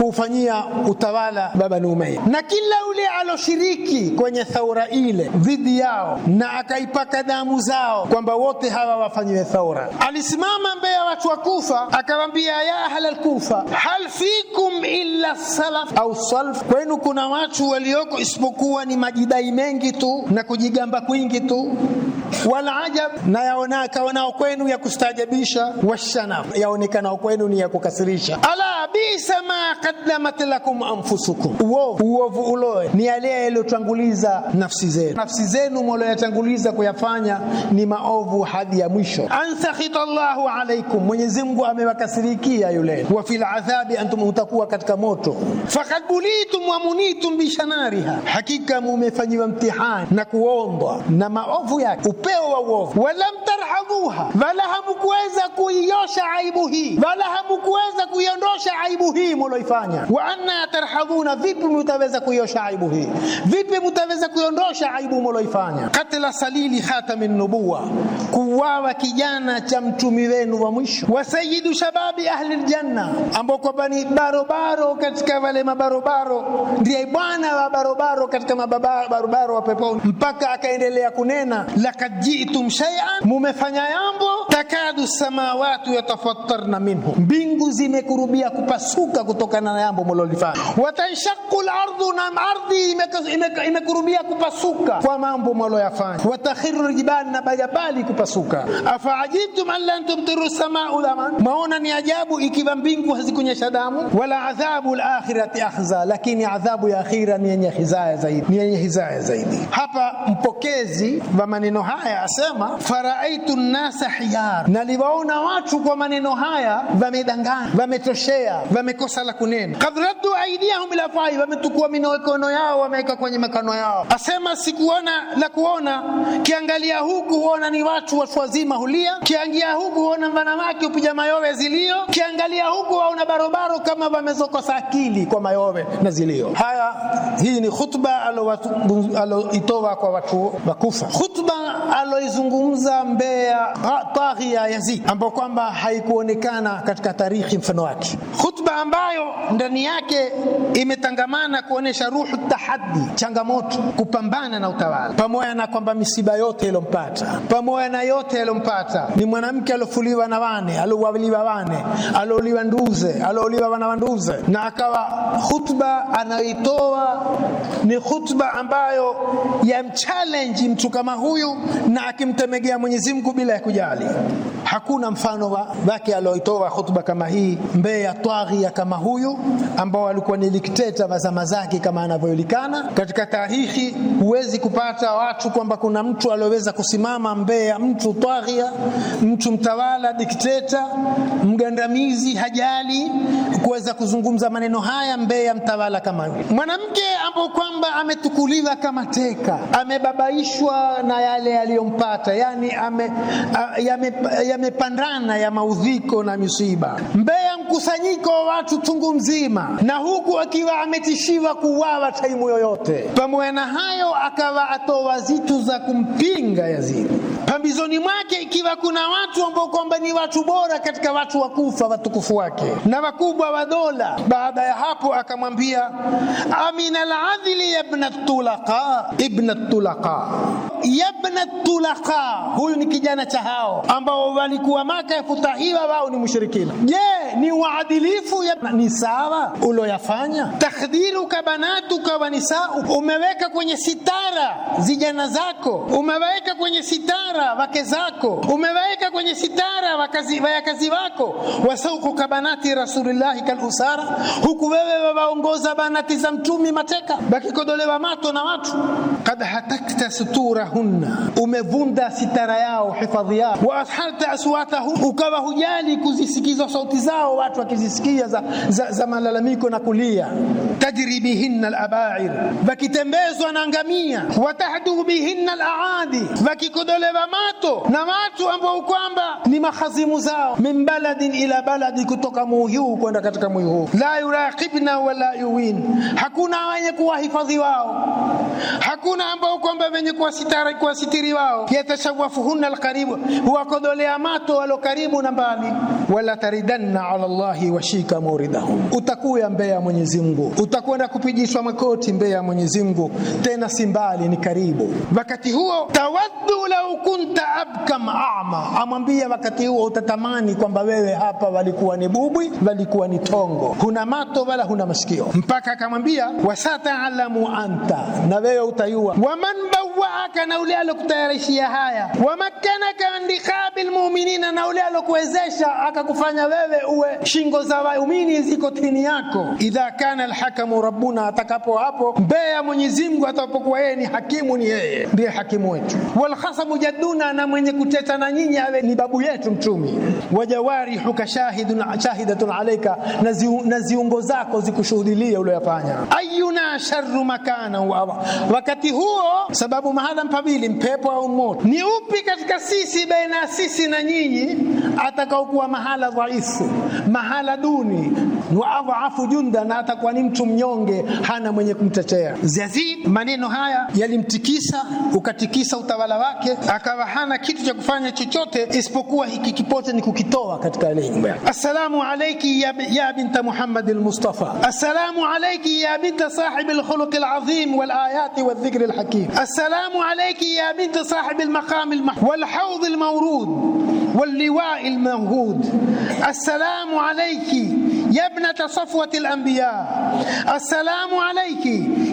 kufanyia utawala baba ni Umayya, na kila ule aloshiriki kwenye thaura ile dhidi yao na akaipaka damu zao kwamba wote hawa wafanyiwe thaura Ali alisimama mbele ya watu wa Kufa akawaambia, ya ahlal Kufa, hal fikum illa salaf au salf, kwenu kuna watu walioko isipokuwa ni majidai mengi tu na kujigamba kwingi tu walajab na yaonaka kaonao kwenu ya kustajabisha, washana yaonekanao kwenu ni ya kukasirisha. Ala bisa ma qaddamat lakum anfusukum, uo uovu uloe ni yale yaliyotanguliza nafsi zenu. Nafsi zenu mola yatanguliza kuyafanya ni maovu hadi ya mwisho. An Allahu alaykum, Mwenyezi Mungu amewakasirikia yule. Wa fil adhabi antum, utakuwa katika moto. Faqad bulitum wa munitum bishanariha, hakika mumefanyiwa mtihani na kuombwa na maovu yake upeo wa uovu. Walam tarhamuha, wala hamkuweza kuiosha aibu hii, wala hamkuweza kuiondosha aibu hii mloifanya. Wa anna tarhamuna, vipi mtaweza kuiosha aibu hii? Vipi mtaweza kuiondosha aibu mloifanya? Katla salili khatamin nubuwa, kuwawa kijana cha mtumi wenu wa mwisho. Wa sayyidu shababi ahli aljanna, ambao kwamba ni barobaro katika wale mabarobaro, ndiye bwana wa barobaro katika mabarobaro wa peponi. Mpaka akaendelea kunena laka Kad jitum shay'an, mumefanya jambo. Takadu samawati yatafattarna minhu, mbingu zimekurubia kupasuka kutokana na jambo mlolifanya. Watanshaqu al-ardu, na ardhi imekurubia kupasuka kwa mambo mloyafanya. Watakhiru al-jibal, na bajabali kupasuka. Afaajitum an lan tumtiru samaa daman, maona ni ajabu ikiwa mbingu hazikunyesha damu. Wala adhabu al-akhirati akhza, lakini adhabu ya akhira ni yenye hizaya zaidi, ni yenye hizaya zaidi hapa vipokezi vya maneno haya asema, faraaitu nnasa hiyar, naliwaona watu kwa maneno haya vamedangana, vametoshea, vamekosa la kunena. Kad raddu aidiyahum ila fai, wametukua mikono yao wameweka kwenye makano yao. Asema sikuona la kuona, kiangalia huku huona ni watu watu wazima hulia, kiangia huku huona wanawake upija mayowe zilio, kiangalia huku waona barobaro kama wamezokosa akili kwa mayowe na zilio. Haya, hii ni khutba aloitoa kwa watu wakufa. Khutba aloizungumza tahi ya taghia Yazid, ambayo kwamba haikuonekana katika tarikhi mfano wake, khutba ambayo ndani yake imetangamana kuonesha ruhu tahaddi, changamoto, kupambana na utawala, pamoja na kwamba misiba yote ilompata, pamoja na yote yalompata, ni mwanamke alofuliwa na wane, alowaliwa wane, aloliwa nduze, aloliwa wana wa nduze, na akawa khutba anayoitoa ni khutba ambayo yamchale kumchenji mtu kama huyu na akimtemegea Mwenyezi Mungu bila ya kujali. Hakuna mfano wake alioitoa hotuba kama hii mbele ya twaghia kama huyu ambao alikuwa ni dikteta wa zama zake kama anavyojulikana katika tarihi Huwezi kupata watu kwamba kuna mtu alioweza kusimama mbele ya mtu twaghia, mtu mtawala, dikteta, mgandamizi, hajali kuweza kuzungumza maneno haya mbele ya mtawala kama huyu. Mwanamke ambao kwamba ametukuliwa kama teka amebaba amefurahishwa na yale yaliyompata, yani yamepandana ya, ya maudhiko na misiba. ya mkusanyiko wa watu tungu mzima, na huku akiwa ametishiwa kuwawa taimu yoyote. Pamoja na hayo, akawa atoa zitu za kumpinga Yazidi, pambizoni mwake ikiwa kuna watu ambao kwamba ni watu bora katika watu wakufa watukufu wake na wakubwa wa dola. Baada ya hapo akamwambia, amina aladhili ya ibn tulaka ibn tulaka God. yabna tulaka, huyu ni kijana cha hao ambao walikuwa Maka yafutahiwa, wao ni mushirikina. Je, ni yabna, ni sawa uloyafanya? Takhdiruka banatuka wa nisau, umeweka kwenye sitara zijana zako, umeweka kwenye sitara wake zako, umeweka kwenye sitara wakazi, wayakazi wako. Wasaukuka banati rasulillahi kalusara, huku wewe wawaongoza banati za mtumi mateka, wakikodolewa mato na watu. kad hatakta sutura sitarahunnna, umevunda sitara yao, hifadhi yao. Wa asharta aswatahum, ukawa hujali kuzisikiza sauti zao, watu wakizisikia za, za, za malalamiko na kulia. Tajri bihinna alabair, wakitembezwa na ngamia. Watahdu bihinna alaadi, wakikodolewa mato na watu ambao kwamba ni mahazimu zao. Min baladin ila baladi, kutoka muhiu kwenda katika mui La yuraqibna wala yuwin, hakuna wenye kuwahifadhi wao, hakuna ambao kwamba wenye kuwasita ishara kwa sitiri wao, yatashawafuhunna alqaribu, huwakodolea mato walo karibu na mbali. Wala taridanna ala Allahi washika muridahum, utakuya mbele ya Mwenyezi Mungu, utakwenda kupigishwa makoti mbele ya Mwenyezi Mungu, tena si mbali, ni karibu. Wakati huo tawaddu lau kunta abkam ama, amwambia wakati huo utatamani kwamba wewe hapa walikuwa ni bubwi, walikuwa ni tongo, huna mato wala huna masikio, mpaka akamwambia wasataalamu anta, na wewe utayua waman bawaaka na ule alokutayarishia haya, wamakkanaka min riqabil mu'minina, na ule alokuwezesha akakufanya wewe uwe shingo za waumini ziko tini yako. Idha kana alhakamu rabbuna, atakapo hapo mbele ya Mwenyezi Mungu atapokuwa yeye ni hakimu, ni yeye ndiye hakimu wetu. Wal khasamu jadduna, na mwenye kuteta na nyinyi awe ni babu yetu Mtumi. Wajawarihuka shahidun shahidatun alayka, na ziungo zako zikushuhudilia uliyofanya. Ayuna sharru makana, wa wakati huo sababu mahala kumkabili mpepo au moto? Ni upi katika sisi, baina ya sisi na nyinyi, atakaokuwa mahala dhaifu, mahala duni wa adhafu junda, na atakuwa ni mtu mnyonge, hana mwenye kumtetea. Yazid, maneno haya yalimtikisa, ukatikisa utawala wake, akawa hana kitu cha kufanya chochote isipokuwa hiki kipote ni kukitoa katika ile nyumba Assalamu alayki ya, ya binta Muhammad al-Mustafa, assalamu alayki ya binta sahib al-khuluq al-azim wal ayat dhikr al-hakim, assalamu alayki ya binta sahib al-maqam al-mahmud wal hawd al-mawrud واللواء المنهود السلام عليك يا ابنة صفوة الأنبياء السلام عليك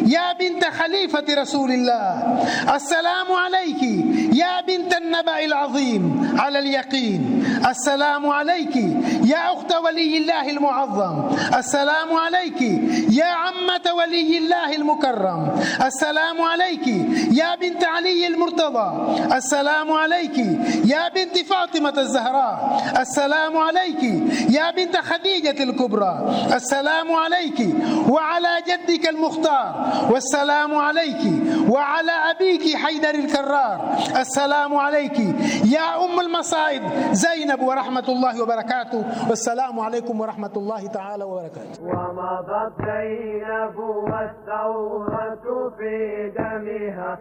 يا بنت خليفة رسول الله السلام عليك يا بنت النبأ العظيم على اليقين السلام عليك يا أخت ولي الله المعظم السلام عليك يا عمة ولي الله المكرم السلام عليك يا بنت علي المرتضى السلام عليك يا بنت فاطمة فاطمة الزهراء السلام عليك يا بنت خديجة الكبرى السلام عليك وعلى جدك المختار والسلام عليك وعلى أبيك حيدر الكرار السلام عليك يا أم المصائب زينب ورحمة الله وبركاته والسلام عليكم ورحمة الله تعالى وبركاته ومضت زينب والثورة في دمها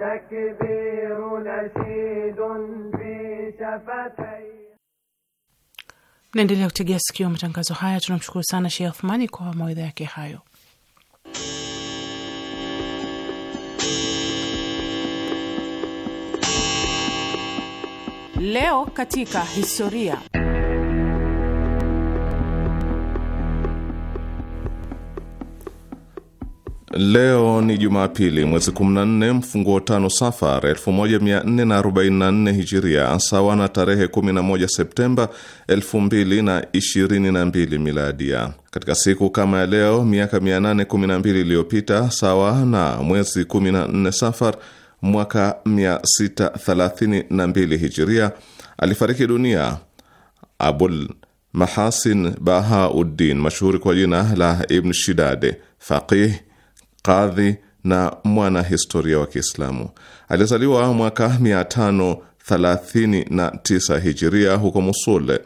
تكبير نشيد في شفتي Naendelea kutegea sikio matangazo haya. Tunamshukuru sana Sheikh Uthmani kwa mawaidha yake hayo. Leo katika historia Leo ni Jumapili, mwezi 14 mfunguo tano Safar 1444 Hijiria, sawa na tarehe 11 Septemba 2022 Miladia. Katika siku kama ya leo miaka 812 iliyopita, sawa na mwezi 14 Safar mwaka 632 Hijiria, alifariki dunia Abul Mahasin Bahauddin, mashuhuri kwa jina la Ibn Shidade, faqih kadhi na mwanahistoria wa Kiislamu. Alizaliwa mwaka 539 hijiria huko Musul,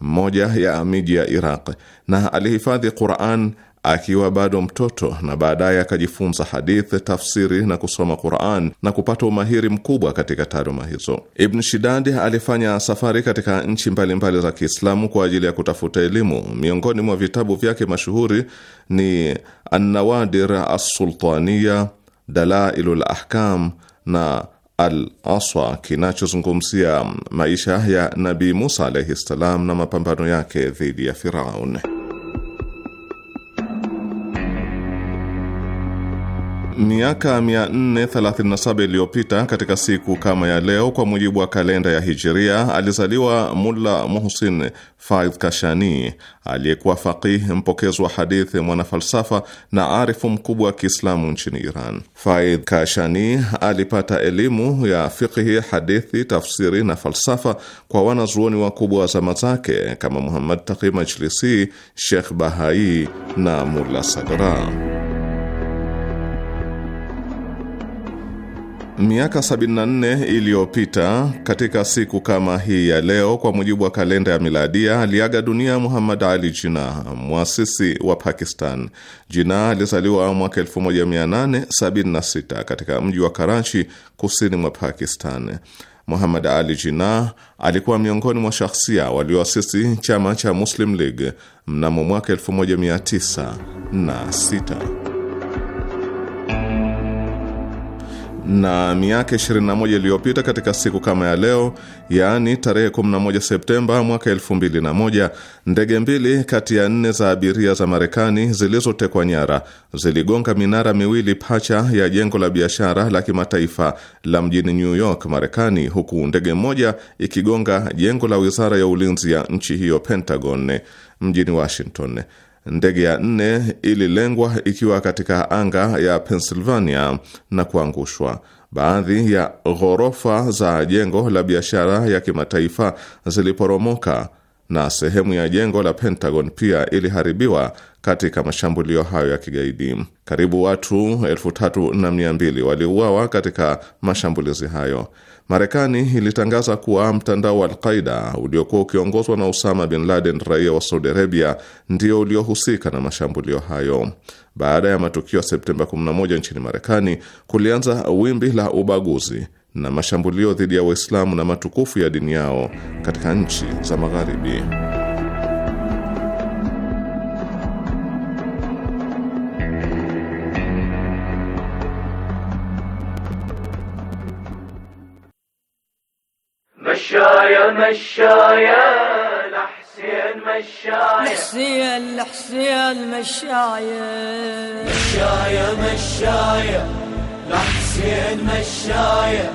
mmoja ya miji ya Iraq, na alihifadhi Quran akiwa bado mtoto na baadaye akajifunza hadithi, tafsiri na kusoma Quran na kupata umahiri mkubwa katika taaluma hizo. Ibn Shidadi alifanya safari katika nchi mbalimbali za Kiislamu kwa ajili ya kutafuta elimu. Miongoni mwa vitabu vyake mashuhuri ni Annawadir Assultaniya, Dalailu Lahkam na Al Aswa kinachozungumzia maisha ya Nabii Musa alaihi ssalam na mapambano yake dhidi ya Firaun. miaka 437 iliyopita katika siku kama ya leo, kwa mujibu wa kalenda ya Hijiria, alizaliwa Mulla Muhsin Faidh Kashani aliyekuwa faqih, mpokezi wa hadithi, mwanafalsafa na arifu mkubwa wa Kiislamu nchini Iran. Faidh Kashani alipata elimu ya fiqhi, hadithi, tafsiri na falsafa kwa wanazuoni wakubwa wa zama zake kama Muhammad Taqi Majlisi, Sheikh Bahai na Mulla Sadra. Miaka 74 iliyopita katika siku kama hii ya leo, kwa mujibu wa kalenda ya miladia, aliaga dunia Muhammad Ali Jinnah, mwasisi wa Pakistan. Jinnah alizaliwa mwaka 1876 katika mji wa Karachi, kusini mwa Pakistan. Muhammad Ali Jinnah alikuwa miongoni mwa shahsia walioasisi chama cha Muslim League mnamo mwaka 1906. na miaka 21 iliyopita katika siku kama ya leo, yaani tarehe 11 Septemba mwaka 2001, ndege mbili kati ya nne za abiria za Marekani zilizotekwa nyara ziligonga minara miwili pacha ya jengo la biashara la kimataifa la mjini New York, Marekani, huku ndege moja ikigonga jengo la wizara ya ulinzi ya nchi hiyo, Pentagon, mjini Washington. Ndege ya nne ililengwa ikiwa katika anga ya Pennsylvania na kuangushwa. Baadhi ya ghorofa za jengo la biashara ya kimataifa ziliporomoka na sehemu ya jengo la Pentagon pia iliharibiwa katika mashambulio hayo ya kigaidi. Karibu watu elfu tatu na mia mbili waliuawa katika mashambulizi hayo. Marekani ilitangaza kuwa mtandao wa Alqaida uliokuwa ukiongozwa na Usama bin Laden, raia wa Saudi Arabia, ndio uliohusika na mashambulio hayo. Baada ya matukio ya Septemba 11 nchini Marekani, kulianza wimbi la ubaguzi na mashambulio dhidi ya Waislamu na matukufu ya dini yao katika nchi za Magharibi. مشايا مشايا لحسين مشايا لحسين لحسين مشايا مشايا مشايا لحسين مشايا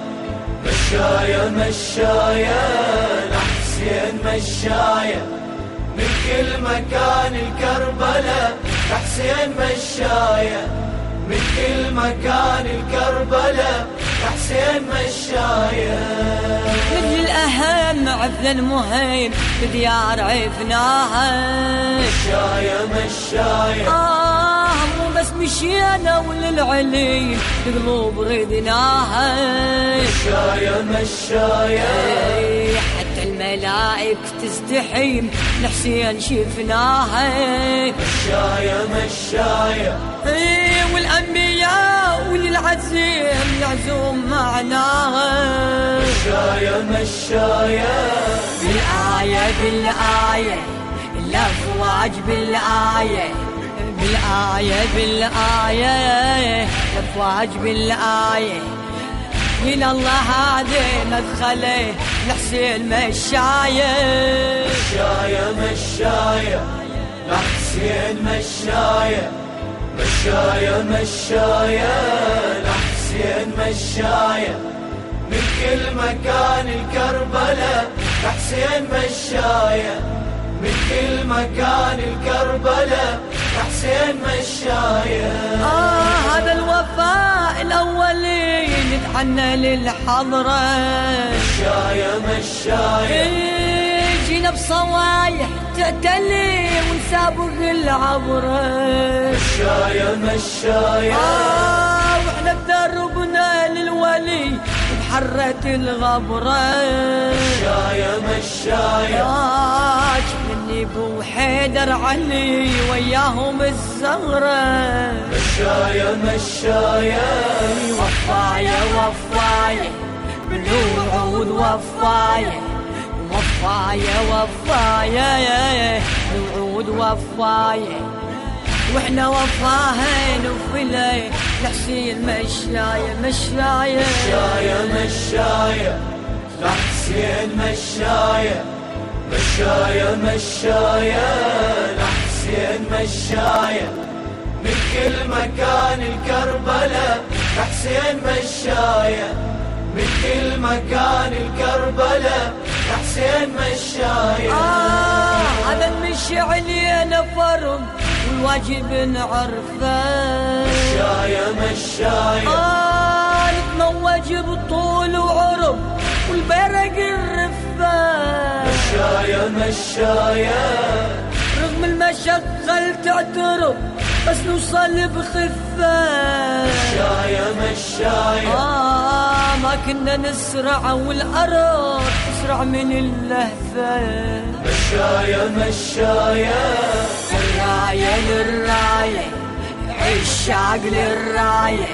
مشايا مشايا لحسين مشايا من كل مكان الكربلاء لحسين مشايا من كل مكان الكربلاء حسين مشاية من الأهم عفن المهيم بديار عفناها مشاية مشاية آه مو بس مشينا وللعلي بقلوب ردناها مشاية مشاية حتى الملائك تستحيم لحسين شفناها مشاية مشاية العزيم يعزوم معناه مشايا مشايا بالآية بالآية الأفواج بالآية بالآية بالآية الأفواج بالآية من الله هذه مدخله لحسين مشايا مشايا مشايا لحسين مشايا مشايا مشايا لحسين مشايا من كل مكان الكربلة لحسين مشايا من كل مكان الكربلة لحسين مشايا آه هذا الوفاء الأول نتحنى للحضرة مشايا مشايا إيه، جينا بصوايح تعتلي ونسابق العبرة مشايا مشايا آه، واحنا بدربنا للولي بحرة الغبرة مشايا مشايا آه، شفني مني علي وياهم الزهرة مشايا مشايا وفايا وفايا بالوعود وفايا وفاية وفاية الوعود وفاية واحنا وفاهين وفلي لحسين مشاية مشاية مشاية مشاية لحسين مشاية مشاية مشاية لحسين مشاية من كل مكان الكربلة لحسين مشاية من كل مكان الكربلة حسين مشاي آه هذا المشي علينا فرم والواجب نعرفه مشاي مشاي آه نتموج بطول وعرب والبرق الرفه مشاي مشاي المشهد خل تعترض بس نوصل بخفة مشاية مشاية آه،, آه ما كنا نسرع والأرض تسرع من اللهفة مشاية مشاية الراية للراية عشاق للراية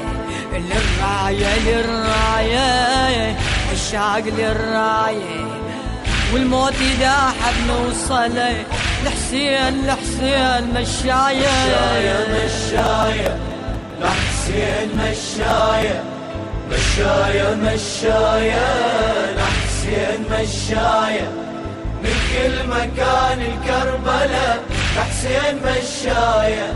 للراية للراية عشاق للراية والموت إذا حب نوصله لحسين لحسين مشاية مشاية لحسين مشاية مشاية مشاية لحسين مشاية من كل مكان الكربلة لحسين مشاية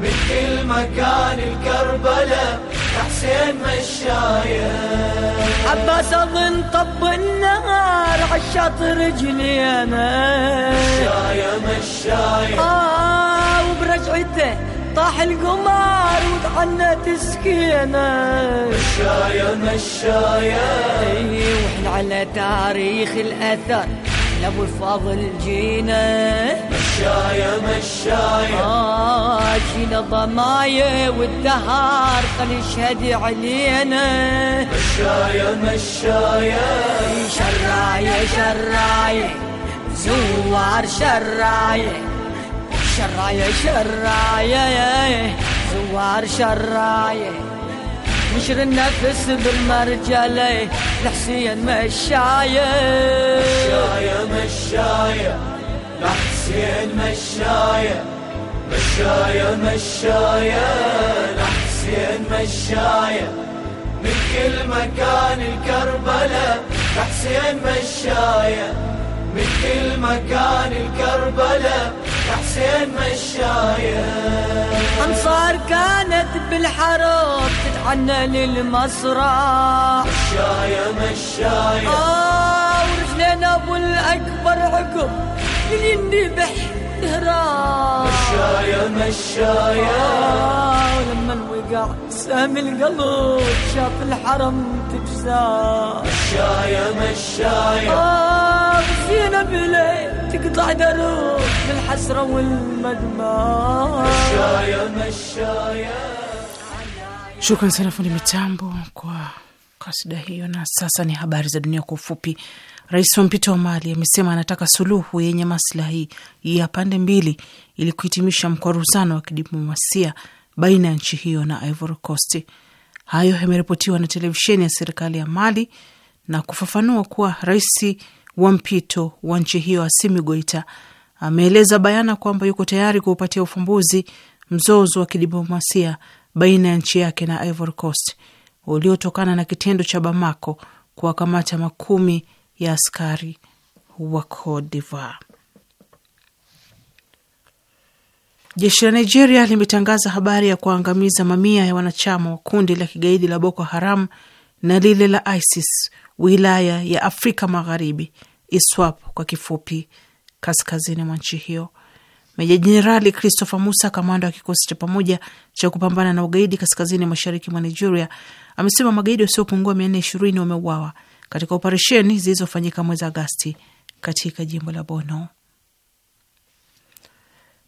من كل مكان الكربلة حسين مشاية عباس اظن طب النهار عشاط رجلي انا مشاية مشاية آه،, اه وبرجعته طاح القمر وتعنت تسكينا مشايا مشايا اي واحنا على تاريخ الاثر لابو الفاضل جينا مشاية مشاية آه ضماية والدهار خل يشهد علينا مشاية مشاية شراية شراية زوار شراية شراية شراية زوار شراية نشر النفس بالمرجلة لحسين مشاية مشاية مشاية حسين مشاية مشاية مشاية لحسين مشاية من كل مكان الكربلة حسين مشاية من كل مكان الكربلة حسين مشاية أنصار كانت بالحرب تتعنى للمسرى مشاية مشاية آه ورجلين أبو الأكبر عقب للنبح تهران مشايا مشايا لما وقع سام القلب شاف الحرم تجزاه مشايا مشايا آه، زينا بلي تقطع دروب الحسرة والمدمى مشايا مشايا Shukran sana fundi mitambo kwa kasida hiyo, na sasa ni habari za dunia kwa ufupi. Rais wa mpito wa Mali amesema anataka suluhu yenye maslahi ya pande mbili ili kuhitimisha mkwaruzano wa kidiplomasia baina ya nchi hiyo na Ivory Coast. Hayo yameripotiwa na televisheni ya serikali ya Mali na kufafanua kuwa rais wa mpito wa nchi hiyo Asimi Goita ameeleza bayana kwamba yuko tayari kuupatia ufumbuzi mzozo wa kidiplomasia baina ya nchi yake na Ivory Coast uliotokana na kitendo cha Bamako kuwakamata makumi ya askari wa Cote d'Ivoire. Jeshi la Nigeria limetangaza habari ya kuangamiza mamia ya wanachama wa kundi la kigaidi la Boko Haram na lile la ISIS wilaya ya Afrika Magharibi, ISWAP kwa kifupi, kaskazini mwa nchi hiyo. Meja Jenerali Christopher Musa, kamanda wa kikosi cha pamoja cha kupambana na ugaidi kaskazini mashariki mwa Nigeria, amesema magaidi wasiopungua mia nne ishirini wameuawa katika operesheni zilizofanyika mwezi Agasti katika jimbo la Bono.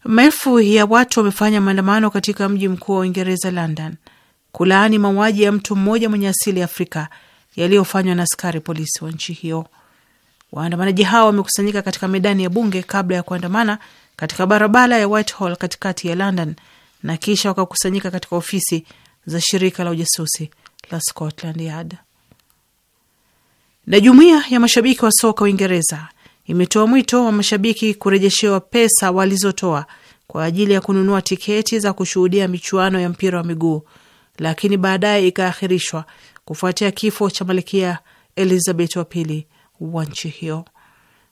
Maelfu ya watu wamefanya maandamano katika mji mkuu wa Uingereza, London, kulaani mauaji ya mtu mmoja mwenye asili ya Afrika yaliyofanywa na askari polisi wa nchi hiyo. Waandamanaji hao wamekusanyika katika medani ya bunge kabla ya kuandamana katika barabara ya Whitehall katikati ya London na kisha wakakusanyika katika ofisi za shirika la ujasusi la Scotland Yard. Na jumuiya ya mashabiki wa soka Uingereza imetoa mwito wa mashabiki kurejeshewa pesa walizotoa kwa ajili ya kununua tiketi za kushuhudia michuano ya mpira wa miguu, lakini baadaye ikaahirishwa kufuatia kifo cha malkia Elizabeth wa pili wa nchi hiyo.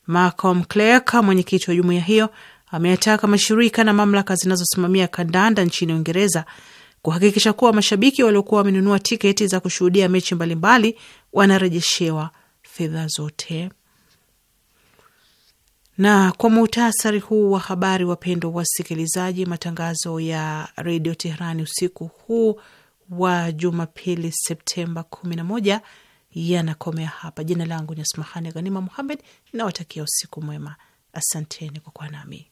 Malcolm Clark, mwenyekiti wa jumuiya hiyo, ameyataka mashirika na mamlaka zinazosimamia kandanda nchini Uingereza kuhakikisha kuwa mashabiki waliokuwa wamenunua tiketi za kushuhudia mechi mbalimbali wanarejeshewa fedha zote. Na kwa muhtasari huu wa habari, wapendwa wasikilizaji, matangazo ya redio Teherani usiku huu wa Jumapili Septemba 11 yanakomea hapa. Jina langu ni Asmahani Ghanima Muhammed, nawatakia usiku mwema. Asanteni kwa kuwa nami.